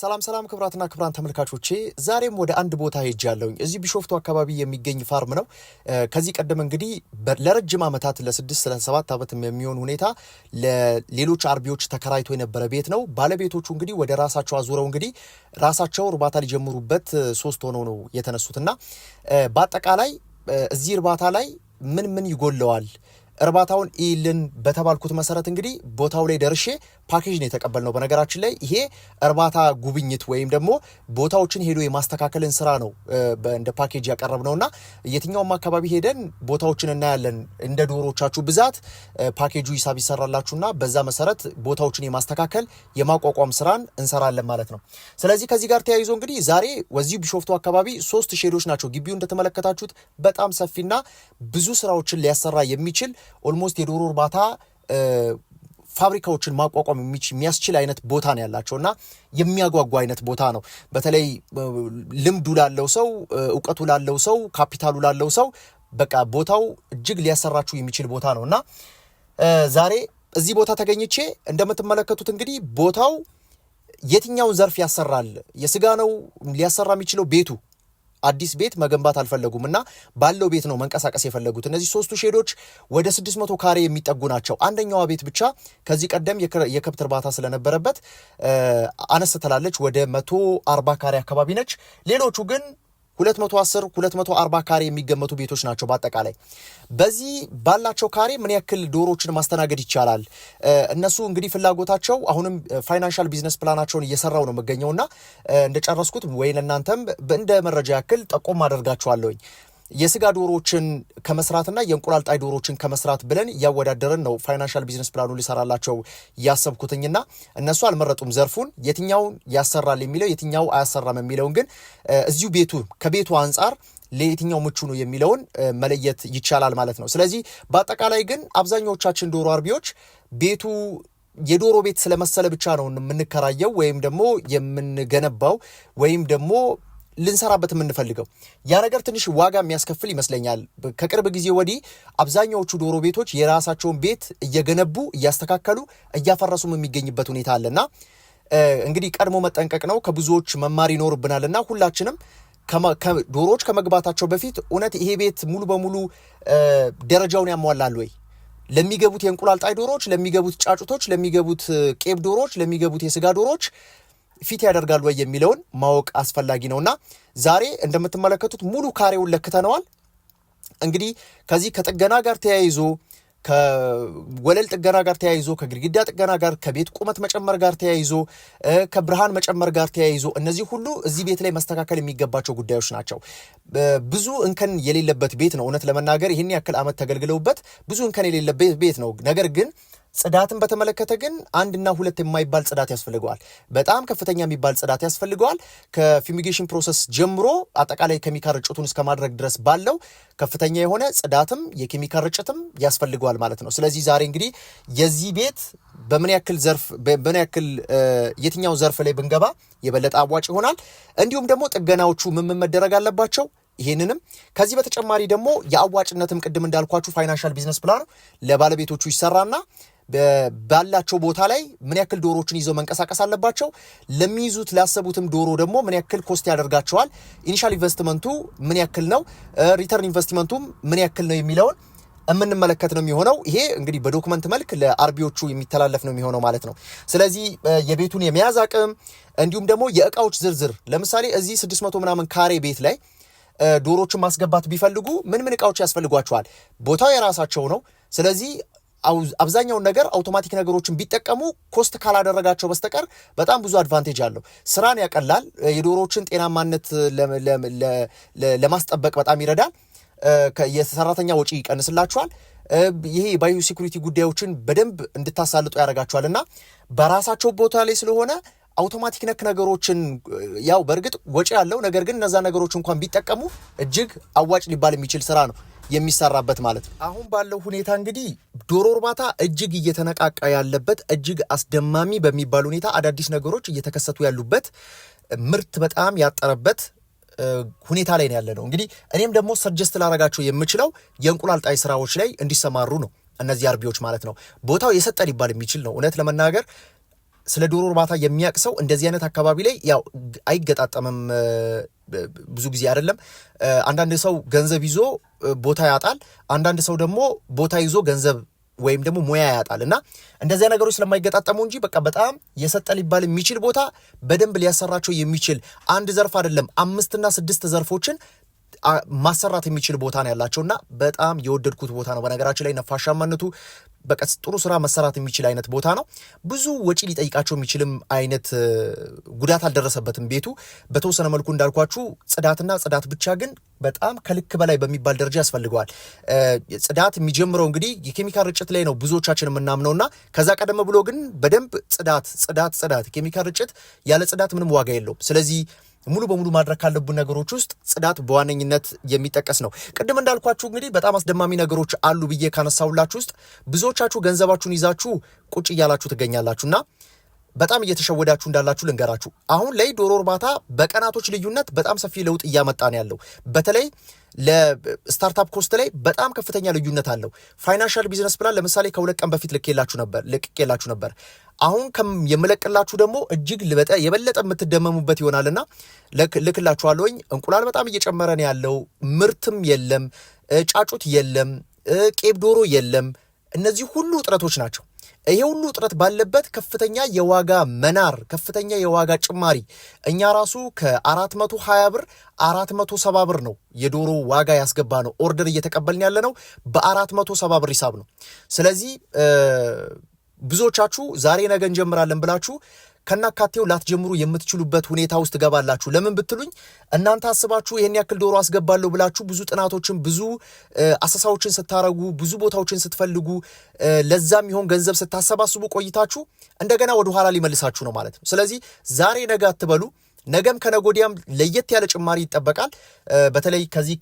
ሰላም ሰላም ክብራትና ክብራን ተመልካቾቼ ዛሬም ወደ አንድ ቦታ ሄጅ ያለውኝ እዚህ ቢሾፍቱ አካባቢ የሚገኝ ፋርም ነው። ከዚህ ቀደም እንግዲህ ለረጅም ዓመታት ለስድስት ለሰባት ዓመት የሚሆን ሁኔታ ለሌሎች አርቢዎች ተከራይቶ የነበረ ቤት ነው። ባለቤቶቹ እንግዲህ ወደ ራሳቸው አዙረው እንግዲህ ራሳቸው እርባታ ሊጀምሩበት ሶስት ሆነው ነው የተነሱትና በአጠቃላይ እዚህ እርባታ ላይ ምን ምን ይጎለዋል እርባታውን ኢልን በተባልኩት መሰረት እንግዲህ ቦታው ላይ ደርሼ ፓኬጅ ነው የተቀበልነው። በነገራችን ላይ ይሄ እርባታ ጉብኝት ወይም ደግሞ ቦታዎችን ሄዶ የማስተካከልን ስራ ነው እንደ ፓኬጅ ያቀረብነው እና የትኛውም አካባቢ ሄደን ቦታዎችን እናያለን። እንደ ዶሮቻችሁ ብዛት ፓኬጁ ሂሳብ ይሰራላችሁና በዛ መሰረት ቦታዎችን የማስተካከል የማቋቋም ስራን እንሰራለን ማለት ነው። ስለዚህ ከዚህ ጋር ተያይዞ እንግዲህ ዛሬ ወዚሁ ቢሾፍቱ አካባቢ ሶስት ሼዶች ናቸው። ግቢው እንደተመለከታችሁት በጣም ሰፊና ብዙ ስራዎችን ሊያሰራ የሚችል ኦልሞስት የዶሮ እርባታ ፋብሪካዎችን ማቋቋም የሚያስችል አይነት ቦታ ነው ያላቸው እና የሚያጓጓ አይነት ቦታ ነው። በተለይ ልምዱ ላለው ሰው፣ እውቀቱ ላለው ሰው፣ ካፒታሉ ላለው ሰው በቃ ቦታው እጅግ ሊያሰራችሁ የሚችል ቦታ ነው እና ዛሬ እዚህ ቦታ ተገኝቼ እንደምትመለከቱት እንግዲህ ቦታው የትኛውን ዘርፍ ያሰራል? የስጋ ነው ሊያሰራ የሚችለው ቤቱ አዲስ ቤት መገንባት አልፈለጉም እና ባለው ቤት ነው መንቀሳቀስ የፈለጉት። እነዚህ ሶስቱ ሼዶች ወደ 600 ካሬ የሚጠጉ ናቸው። አንደኛዋ ቤት ብቻ ከዚህ ቀደም የከብት እርባታ ስለነበረበት አነስ ትላለች፣ ወደ 140 ካሬ አካባቢ ነች። ሌሎቹ ግን 210 240 ካሬ የሚገመቱ ቤቶች ናቸው። በአጠቃላይ በዚህ ባላቸው ካሬ ምን ያክል ዶሮዎችን ማስተናገድ ይቻላል? እነሱ እንግዲህ ፍላጎታቸው አሁንም ፋይናንሻል ቢዝነስ ፕላናቸውን እየሰራው ነው የምገኘውና እንደጨረስኩት ወይን እናንተም እንደ መረጃ ያክል ጠቆም አደርጋችኋለሁኝ። የስጋ ዶሮዎችን ከመስራትና የእንቁላል ጣይ ዶሮዎችን ከመስራት ብለን እያወዳደርን ነው ፋይናንሻል ቢዝነስ ፕላኑ ሊሰራላቸው ያሰብኩትኝና እነሱ አልመረጡም ዘርፉን የትኛውን ያሰራል የሚለው የትኛው አያሰራም የሚለውን ግን እዚሁ ቤቱ ከቤቱ አንጻር ለየትኛው ምቹ ነው የሚለውን መለየት ይቻላል ማለት ነው። ስለዚህ በአጠቃላይ ግን አብዛኛዎቻችን ዶሮ አርቢዎች ቤቱ የዶሮ ቤት ስለመሰለ ብቻ ነው የምንከራየው ወይም ደግሞ የምንገነባው ወይም ደግሞ ልንሰራበት የምንፈልገው ያ ነገር ትንሽ ዋጋ የሚያስከፍል ይመስለኛል። ከቅርብ ጊዜ ወዲህ አብዛኛዎቹ ዶሮ ቤቶች የራሳቸውን ቤት እየገነቡ እያስተካከሉ እያፈረሱም የሚገኝበት ሁኔታ አለና እንግዲህ ቀድሞ መጠንቀቅ ነው። ከብዙዎች መማር ይኖርብናልና ሁላችንም ዶሮዎች ከመግባታቸው በፊት እውነት ይሄ ቤት ሙሉ በሙሉ ደረጃውን ያሟላል ወይ ለሚገቡት የእንቁላል ጣይ ዶሮዎች፣ ለሚገቡት ጫጩቶች፣ ለሚገቡት ቄብ ዶሮዎች፣ ለሚገቡት የስጋ ዶሮዎች ፊት ያደርጋል ወይ የሚለውን ማወቅ አስፈላጊ ነውና ዛሬ እንደምትመለከቱት ሙሉ ካሬውን ለክተነዋል። እንግዲህ ከዚህ ከጥገና ጋር ተያይዞ ከወለል ጥገና ጋር ተያይዞ ከግድግዳ ጥገና ጋር ከቤት ቁመት መጨመር ጋር ተያይዞ ከብርሃን መጨመር ጋር ተያይዞ እነዚህ ሁሉ እዚህ ቤት ላይ መስተካከል የሚገባቸው ጉዳዮች ናቸው። ብዙ እንከን የሌለበት ቤት ነው። እውነት ለመናገር ይህን ያክል ዓመት ተገልግለውበት ብዙ እንከን የሌለበት ቤት ነው። ነገር ግን ጽዳትን በተመለከተ ግን አንድና ሁለት የማይባል ጽዳት ያስፈልገዋል። በጣም ከፍተኛ የሚባል ጽዳት ያስፈልገዋል። ከፊሚጌሽን ፕሮሰስ ጀምሮ አጠቃላይ ኬሚካል ርጭቱን እስከ ማድረግ ድረስ ባለው ከፍተኛ የሆነ ጽዳትም የኬሚካል ርጭትም ያስፈልገዋል ማለት ነው። ስለዚህ ዛሬ እንግዲህ የዚህ ቤት በምን ያክል ዘርፍ በምን ያክል የትኛው ዘርፍ ላይ ብንገባ የበለጠ አዋጭ ይሆናል፣ እንዲሁም ደግሞ ጥገናዎቹ ምን ምን መደረግ አለባቸው ይህንንም ከዚህ በተጨማሪ ደግሞ የአዋጭነትም ቅድም እንዳልኳችሁ ፋይናንሻል ቢዝነስ ፕላን ለባለቤቶቹ ይሰራና ባላቸው ቦታ ላይ ምን ያክል ዶሮዎችን ይዘው መንቀሳቀስ አለባቸው፣ ለሚይዙት ላሰቡትም ዶሮ ደግሞ ምን ያክል ኮስት ያደርጋቸዋል፣ ኢኒሻል ኢንቨስትመንቱ ምን ያክል ነው፣ ሪተርን ኢንቨስትመንቱም ምን ያክል ነው የሚለውን የምንመለከት ነው የሚሆነው። ይሄ እንግዲህ በዶክመንት መልክ ለአርቢዎቹ የሚተላለፍ ነው የሚሆነው ማለት ነው። ስለዚህ የቤቱን የመያዝ አቅም እንዲሁም ደግሞ የእቃዎች ዝርዝር ለምሳሌ እዚህ 600 ምናምን ካሬ ቤት ላይ ዶሮዎችን ማስገባት ቢፈልጉ ምን ምን እቃዎች ያስፈልጓቸዋል? ቦታው የራሳቸው ነው። ስለዚህ አብዛኛውን ነገር አውቶማቲክ ነገሮችን ቢጠቀሙ ኮስት ካላደረጋቸው በስተቀር በጣም ብዙ አድቫንቴጅ አለው። ስራን ያቀላል። የዶሮዎችን ጤናማነት ለማስጠበቅ በጣም ይረዳል። የሰራተኛ ወጪ ይቀንስላችኋል። ይሄ የባዮ ሴኩሪቲ ጉዳዮችን በደንብ እንድታሳልጡ ያደርጋችኋል እና በራሳቸው ቦታ ላይ ስለሆነ አውቶማቲክ ነክ ነገሮችን ያው በእርግጥ ወጪ ያለው ነገር ግን እነዛ ነገሮች እንኳን ቢጠቀሙ እጅግ አዋጭ ሊባል የሚችል ስራ ነው። የሚሰራበት ማለት ነው። አሁን ባለው ሁኔታ እንግዲህ ዶሮ እርባታ እጅግ እየተነቃቃ ያለበት እጅግ አስደማሚ በሚባል ሁኔታ አዳዲስ ነገሮች እየተከሰቱ ያሉበት ምርት በጣም ያጠረበት ሁኔታ ላይ ነው ያለ ነው። እንግዲህ እኔም ደግሞ ሰጀስት ላረጋቸው የምችለው የእንቁላል ጣይ ስራዎች ላይ እንዲሰማሩ ነው። እነዚህ አርቢዎች ማለት ነው። ቦታው የሰጠ ሊባል የሚችል ነው። እውነት ለመናገር ስለ ዶሮ እርባታ የሚያውቅ ሰው እንደዚህ አይነት አካባቢ ላይ ያው አይገጣጠምም ብዙ ጊዜ አይደለም። አንዳንድ ሰው ገንዘብ ይዞ ቦታ ያጣል። አንዳንድ ሰው ደግሞ ቦታ ይዞ ገንዘብ ወይም ደግሞ ሙያ ያጣል እና እንደዚያ ነገሮች ስለማይገጣጠሙ እንጂ በቃ በጣም የሰጠ ሊባል የሚችል ቦታ በደንብ ሊያሰራቸው የሚችል አንድ ዘርፍ አይደለም፣ አምስትና ስድስት ዘርፎችን ማሰራት የሚችል ቦታ ነው ያላቸው እና በጣም የወደድኩት ቦታ ነው። በነገራችን ላይ ነፋሻማነቱ በቀስ ጥሩ ስራ መሰራት የሚችል አይነት ቦታ ነው። ብዙ ወጪ ሊጠይቃቸው የሚችልም አይነት ጉዳት አልደረሰበትም ቤቱ። በተወሰነ መልኩ እንዳልኳችሁ ጽዳትና ጽዳት ብቻ ግን በጣም ከልክ በላይ በሚባል ደረጃ ያስፈልገዋል። ጽዳት የሚጀምረው እንግዲህ የኬሚካል ርጭት ላይ ነው ብዙዎቻችን የምናምነው እና ከዛ ቀደም ብሎ ግን በደንብ ጽዳት ጽዳት ጽዳት ኬሚካል ርጭት ያለ ጽዳት ምንም ዋጋ የለውም። ስለዚህ ሙሉ በሙሉ ማድረግ ካለብን ነገሮች ውስጥ ጽዳት በዋነኝነት የሚጠቀስ ነው። ቅድም እንዳልኳችሁ እንግዲህ በጣም አስደማሚ ነገሮች አሉ ብዬ ካነሳሁላችሁ ውስጥ ብዙዎቻችሁ ገንዘባችሁን ይዛችሁ ቁጭ እያላችሁ እና በጣም እየተሸወዳችሁ እንዳላችሁ ልንገራችሁ። አሁን ላይ ዶሮ እርባታ በቀናቶች ልዩነት በጣም ሰፊ ለውጥ እያመጣ ነው ያለው። በተለይ ለስታርታፕ ኮስት ላይ በጣም ከፍተኛ ልዩነት አለው። ፋይናንሻል ቢዝነስ ፕላን ለምሳሌ ከሁለት ቀን በፊት ልኬላችሁ ነበር ልቅቄላችሁ ነበር። አሁን የምለቅላችሁ ደግሞ እጅግ የበለጠ የምትደመሙበት ይሆናልና ልክላችኋለሁኝ። እንቁላል በጣም እየጨመረ ነው ያለው። ምርትም የለም፣ ጫጩት የለም፣ ቄብ ዶሮ የለም። እነዚህ ሁሉ ጥረቶች ናቸው። ይሄ ሁሉ ውጥረት ባለበት ከፍተኛ የዋጋ መናር ከፍተኛ የዋጋ ጭማሪ እኛ ራሱ ከ420 ብር 470 ብር ነው የዶሮ ዋጋ ያስገባ ነው ኦርደር እየተቀበልን ያለ ነው በ470 ብር ሂሳብ ነው። ስለዚህ ብዙዎቻችሁ ዛሬ ነገ እንጀምራለን ብላችሁ ከናካቴው ላትጀምሩ የምትችሉበት ሁኔታ ውስጥ ገባላችሁ። ለምን ብትሉኝ እናንተ አስባችሁ ይህን ያክል ዶሮ አስገባለሁ ብላችሁ ብዙ ጥናቶችን፣ ብዙ አሰሳዎችን ስታረጉ፣ ብዙ ቦታዎችን ስትፈልጉ፣ ለዛ የሚሆን ገንዘብ ስታሰባስቡ ቆይታችሁ እንደገና ወደኋላ ሊመልሳችሁ ነው ማለት ነው። ስለዚህ ዛሬ ነገ አትበሉ። ነገም ከነጎዲያም ለየት ያለ ጭማሪ ይጠበቃል። በተለይ ከዚህ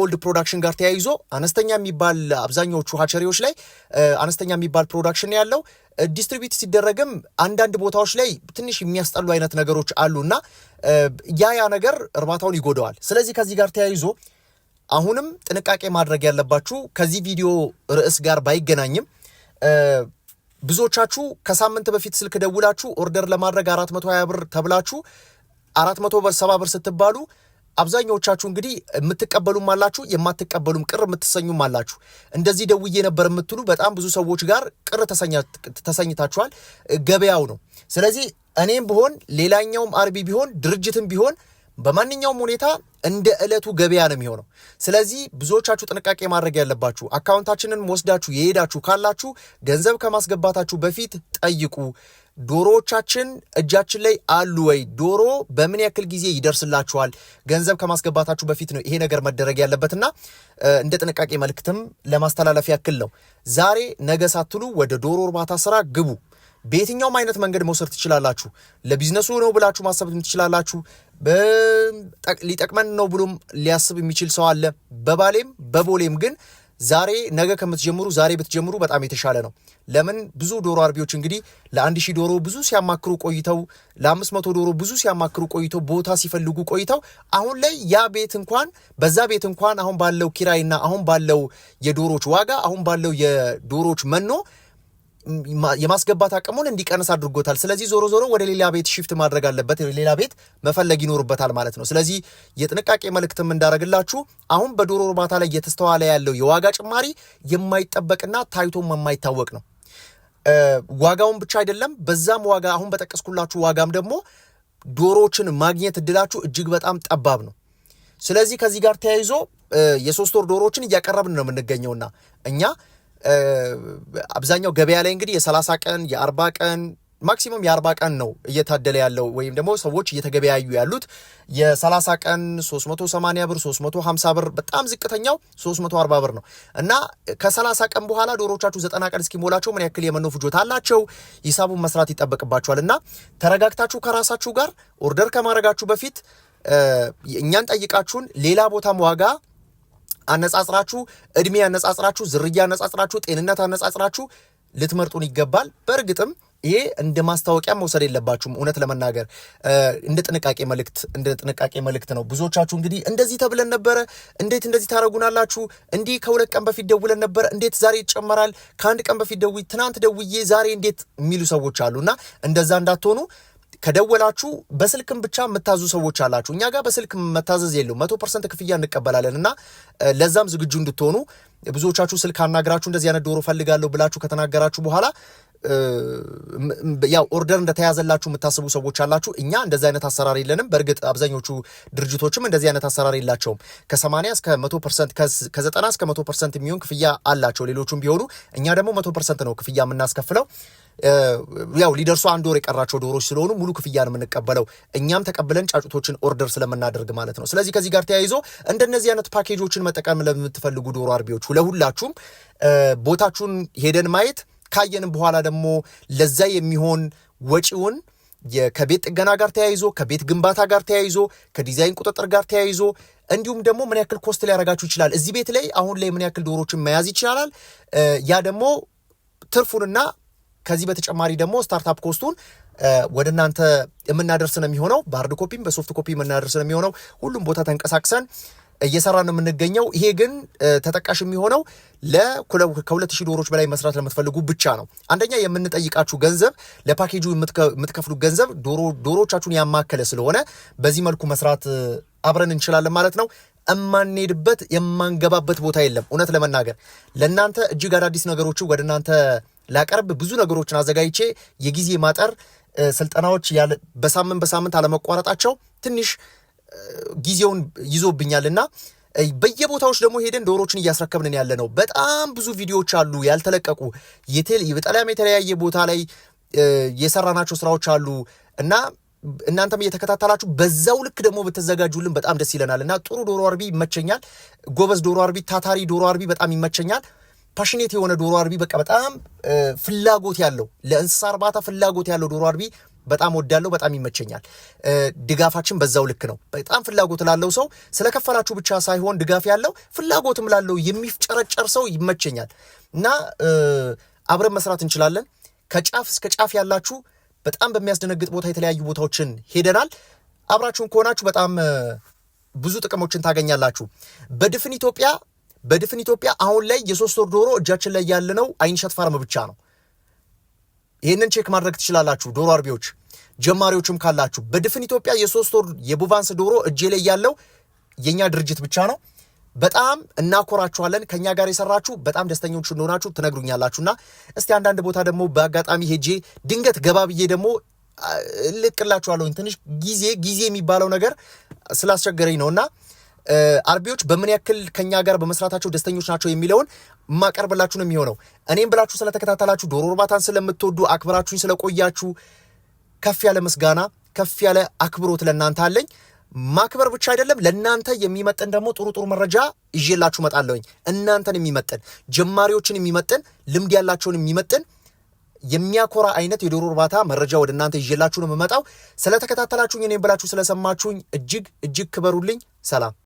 ኦልድ ፕሮዳክሽን ጋር ተያይዞ አነስተኛ የሚባል አብዛኛዎቹ ሀቸሪዎች ላይ አነስተኛ የሚባል ፕሮዳክሽን ያለው ዲስትሪቢዩት ሲደረግም አንዳንድ ቦታዎች ላይ ትንሽ የሚያስጠሉ አይነት ነገሮች አሉ እና ያ ያ ነገር እርባታውን ይጎደዋል። ስለዚህ ከዚህ ጋር ተያይዞ አሁንም ጥንቃቄ ማድረግ ያለባችሁ ከዚህ ቪዲዮ ርዕስ ጋር ባይገናኝም ብዙዎቻችሁ ከሳምንት በፊት ስልክ ደውላችሁ ኦርደር ለማድረግ አራት መቶ ሀያ ብር ተብላችሁ አራት መቶ ሰባ ብር ስትባሉ አብዛኛዎቻችሁ እንግዲህ የምትቀበሉም አላችሁ፣ የማትቀበሉም ቅር የምትሰኙም አላችሁ። እንደዚህ ደውዬ ነበር የምትሉ በጣም ብዙ ሰዎች ጋር ቅር ተሰኝታችኋል። ገበያው ነው። ስለዚህ እኔም ብሆን ሌላኛውም አርቢ ቢሆን ድርጅትም ቢሆን በማንኛውም ሁኔታ እንደ ዕለቱ ገበያ ነው የሚሆነው። ስለዚህ ብዙዎቻችሁ ጥንቃቄ ማድረግ ያለባችሁ አካውንታችንን ወስዳችሁ የሄዳችሁ ካላችሁ ገንዘብ ከማስገባታችሁ በፊት ጠይቁ። ዶሮዎቻችን እጃችን ላይ አሉ ወይ? ዶሮ በምን ያክል ጊዜ ይደርስላችኋል? ገንዘብ ከማስገባታችሁ በፊት ነው ይሄ ነገር መደረግ ያለበትና እንደ ጥንቃቄ መልእክትም ለማስተላለፍ ያክል ነው። ዛሬ ነገ ሳትሉ ወደ ዶሮ እርባታ ስራ ግቡ። በየትኛውም አይነት መንገድ መውሰድ ትችላላችሁ። ለቢዝነሱ ነው ብላችሁ ማሰብ ትችላላችሁ። ሊጠቅመን ነው ብሎም ሊያስብ የሚችል ሰው አለ። በባሌም በቦሌም ግን ዛሬ ነገ ከምትጀምሩ ዛሬ ብትጀምሩ በጣም የተሻለ ነው። ለምን ብዙ ዶሮ አርቢዎች እንግዲህ ለአንድ ሺህ ዶሮ ብዙ ሲያማክሩ ቆይተው ለአምስት መቶ ዶሮ ብዙ ሲያማክሩ ቆይተው ቦታ ሲፈልጉ ቆይተው አሁን ላይ ያ ቤት እንኳን በዛ ቤት እንኳን አሁን ባለው ኪራይና አሁን ባለው የዶሮች ዋጋ አሁን ባለው የዶሮች መኖ የማስገባት አቅሙን እንዲቀንስ አድርጎታል። ስለዚህ ዞሮ ዞሮ ወደ ሌላ ቤት ሽፍት ማድረግ አለበት፣ ሌላ ቤት መፈለግ ይኖርበታል ማለት ነው። ስለዚህ የጥንቃቄ መልእክትም እንዳደረግላችሁ አሁን በዶሮ እርባታ ላይ እየተስተዋለ ያለው የዋጋ ጭማሪ የማይጠበቅና ታይቶም የማይታወቅ ነው። ዋጋውን ብቻ አይደለም፣ በዛም ዋጋ አሁን በጠቀስኩላችሁ ዋጋም ደግሞ ዶሮዎችን ማግኘት እድላችሁ እጅግ በጣም ጠባብ ነው። ስለዚህ ከዚህ ጋር ተያይዞ የሶስት ወር ዶሮዎችን እያቀረብን ነው የምንገኘውና እኛ አብዛኛው ገበያ ላይ እንግዲህ የሰላሳ ቀን የአርባ ቀን ማክሲመም የአርባ ቀን ነው እየታደለ ያለው ወይም ደግሞ ሰዎች እየተገበያዩ ያሉት የሰላሳ ቀን 380 ብር 350 ብር በጣም ዝቅተኛው 340 ብር ነው እና ከሰላሳ ቀን በኋላ ዶሮቻችሁ ዘጠና ቀን እስኪሞላቸው ምን ያክል የመኖ ፍጆታ አላቸው ሂሳቡን መስራት ይጠበቅባቸዋል እና ተረጋግታችሁ ከራሳችሁ ጋር ኦርደር ከማድረጋችሁ በፊት እኛን ጠይቃችሁን ሌላ ቦታም ዋጋ አነጻጽራችሁ፣ እድሜ አነጻጽራችሁ፣ ዝርያ አነጻጽራችሁ፣ ጤንነት አነጻጽራችሁ ልትመርጡን ይገባል። በእርግጥም ይሄ እንደ ማስታወቂያ መውሰድ የለባችሁም። እውነት ለመናገር እንደ ጥንቃቄ መልእክት እንደ ጥንቃቄ መልእክት ነው። ብዙዎቻችሁ እንግዲህ እንደዚህ ተብለን ነበረ፣ እንዴት እንደዚህ ታደረጉናላችሁ? እንዲህ ከሁለት ቀን በፊት ደውለን ነበረ፣ እንዴት ዛሬ ይጨመራል? ከአንድ ቀን በፊት ደው ትናንት ደውዬ ዛሬ እንዴት የሚሉ ሰዎች አሉ እና እንደዛ እንዳትሆኑ ከደወላችሁ በስልክም ብቻ የምታዙ ሰዎች አላችሁ። እኛ ጋር በስልክ መታዘዝ የለው መቶ ፐርሰንት ክፍያ እንቀበላለን እና ለዛም ዝግጁ እንድትሆኑ ብዙዎቻችሁ ስልክ አናግራችሁ እንደዚህ አይነት ዶሮ ፈልጋለሁ ብላችሁ ከተናገራችሁ በኋላ ያው ኦርደር እንደተያዘላችሁ የምታስቡ ሰዎች አላችሁ። እኛ እንደዚህ አይነት አሰራር የለንም። በእርግጥ አብዛኞቹ ድርጅቶችም እንደዚህ አይነት አሰራር የላቸውም። እስከ መቶ ፐርሰንት ከዘጠና እስከ መቶ ፐርሰንት የሚሆን ክፍያ አላቸው ሌሎቹም ቢሆኑ፣ እኛ ደግሞ መቶ ፐርሰንት ነው ክፍያ የምናስከፍለው። ያው ሊደርሱ አንድ ወር የቀራቸው ዶሮች ስለሆኑ ሙሉ ክፍያን የምንቀበለው እኛም ተቀብለን ጫጩቶችን ኦርደር ስለምናደርግ ማለት ነው። ስለዚህ ከዚህ ጋር ተያይዞ እንደነዚህ አይነት ፓኬጆችን መጠቀም ለምትፈልጉ ዶሮ አርቢዎች ለሁላችሁም ቦታችሁን ሄደን ማየት ካየንም በኋላ ደግሞ ለዛ የሚሆን ወጪውን ከቤት ጥገና ጋር ተያይዞ ከቤት ግንባታ ጋር ተያይዞ ከዲዛይን ቁጥጥር ጋር ተያይዞ እንዲሁም ደግሞ ምን ያክል ኮስት ሊያረጋችሁ ይችላል፣ እዚህ ቤት ላይ አሁን ላይ ምን ያክል ዶሮችን መያዝ ይችላል፣ ያ ደግሞ ትርፉንና ከዚህ በተጨማሪ ደግሞ ስታርታፕ ኮስቱን ወደ እናንተ የምናደርስ ነው የሚሆነው። በሀርድ ኮፒም በሶፍት ኮፒ የምናደርስ ነው የሚሆነው። ሁሉም ቦታ ተንቀሳቅሰን እየሰራ ነው የምንገኘው። ይሄ ግን ተጠቃሽ የሚሆነው ከሁለት ሺህ ዶሮች በላይ መስራት ለምትፈልጉ ብቻ ነው። አንደኛ የምንጠይቃችሁ ገንዘብ ለፓኬጁ የምትከፍሉ ገንዘብ ዶሮቻችሁን ያማከለ ስለሆነ በዚህ መልኩ መስራት አብረን እንችላለን ማለት ነው። እማንሄድበት የማንገባበት ቦታ የለም። እውነት ለመናገር ለእናንተ እጅግ አዳዲስ ነገሮች ወደ እናንተ ላቀርብ ብዙ ነገሮችን አዘጋጅቼ የጊዜ ማጠር ስልጠናዎች በሳምንት በሳምንት አለመቋረጣቸው ትንሽ ጊዜውን ይዞብኛል እና በየቦታዎች ደግሞ ሄደን ዶሮችን እያስረከብንን ያለ ነው። በጣም ብዙ ቪዲዮዎች አሉ ያልተለቀቁ፣ በጣም የተለያየ ቦታ ላይ የሰራናቸው ስራዎች አሉ እና እናንተም እየተከታተላችሁ በዛው ልክ ደግሞ ብትዘጋጁልን በጣም ደስ ይለናል እና ጥሩ ዶሮ አርቢ ይመቸኛል። ጎበዝ ዶሮ አርቢ፣ ታታሪ ዶሮ አርቢ በጣም ይመቸኛል። ፓሽኔት የሆነ ዶሮ አርቢ፣ በቃ በጣም ፍላጎት ያለው ለእንስሳ እርባታ ፍላጎት ያለው ዶሮ አርቢ በጣም ወዳለው በጣም ይመቸኛል። ድጋፋችን በዛው ልክ ነው። በጣም ፍላጎት ላለው ሰው ስለከፈላችሁ ብቻ ሳይሆን ድጋፍ ያለው ፍላጎትም ላለው የሚፍጨረጨር ሰው ይመቸኛል እና አብረን መስራት እንችላለን። ከጫፍ እስከ ጫፍ ያላችሁ በጣም በሚያስደነግጥ ቦታ የተለያዩ ቦታዎችን ሄደናል። አብራችሁን ከሆናችሁ በጣም ብዙ ጥቅሞችን ታገኛላችሁ። በድፍን ኢትዮጵያ በድፍን ኢትዮጵያ አሁን ላይ የሶስት ወር ዶሮ እጃችን ላይ ያለነው አይንሸት ፋርም ብቻ ነው። ይህንን ቼክ ማድረግ ትችላላችሁ። ዶሮ አርቢዎች ጀማሪዎችም ካላችሁ በድፍን ኢትዮጵያ የሶስት ወር የቡቫንስ ዶሮ እጄ ላይ ያለው የእኛ ድርጅት ብቻ ነው። በጣም እናኮራችኋለን። ከኛ ጋር የሰራችሁ በጣም ደስተኞች እንደሆናችሁ ትነግሩኛላችሁና እስቲ አንዳንድ ቦታ ደግሞ በአጋጣሚ ሄጄ ድንገት ገባ ብዬ ደግሞ ልቅላችኋለሁኝ። ትንሽ ጊዜ ጊዜ የሚባለው ነገር ስላስቸገረኝ ነውና አርቢዎች በምን ያክል ከኛ ጋር በመስራታቸው ደስተኞች ናቸው የሚለውን ማቀርብላችሁ ነው የሚሆነው። እኔም ብላችሁ ስለተከታተላችሁ፣ ዶሮ እርባታን ስለምትወዱ፣ አክብራችሁኝ ስለቆያችሁ ከፍ ያለ ምስጋና ከፍ ያለ አክብሮት ለእናንተ አለኝ። ማክበር ብቻ አይደለም፣ ለእናንተ የሚመጥን ደግሞ ጥሩ ጥሩ መረጃ ይዤላችሁ እመጣለሁኝ። እናንተን የሚመጥን ጀማሪዎችን የሚመጥን ልምድ ያላቸውን የሚመጥን የሚያኮራ አይነት የዶሮ እርባታ መረጃ ወደ እናንተ ይዤላችሁ ነው የምመጣው። ስለተከታተላችሁኝ፣ እኔም ብላችሁ ስለሰማችሁኝ እጅግ እጅግ ክበሩልኝ። ሰላም።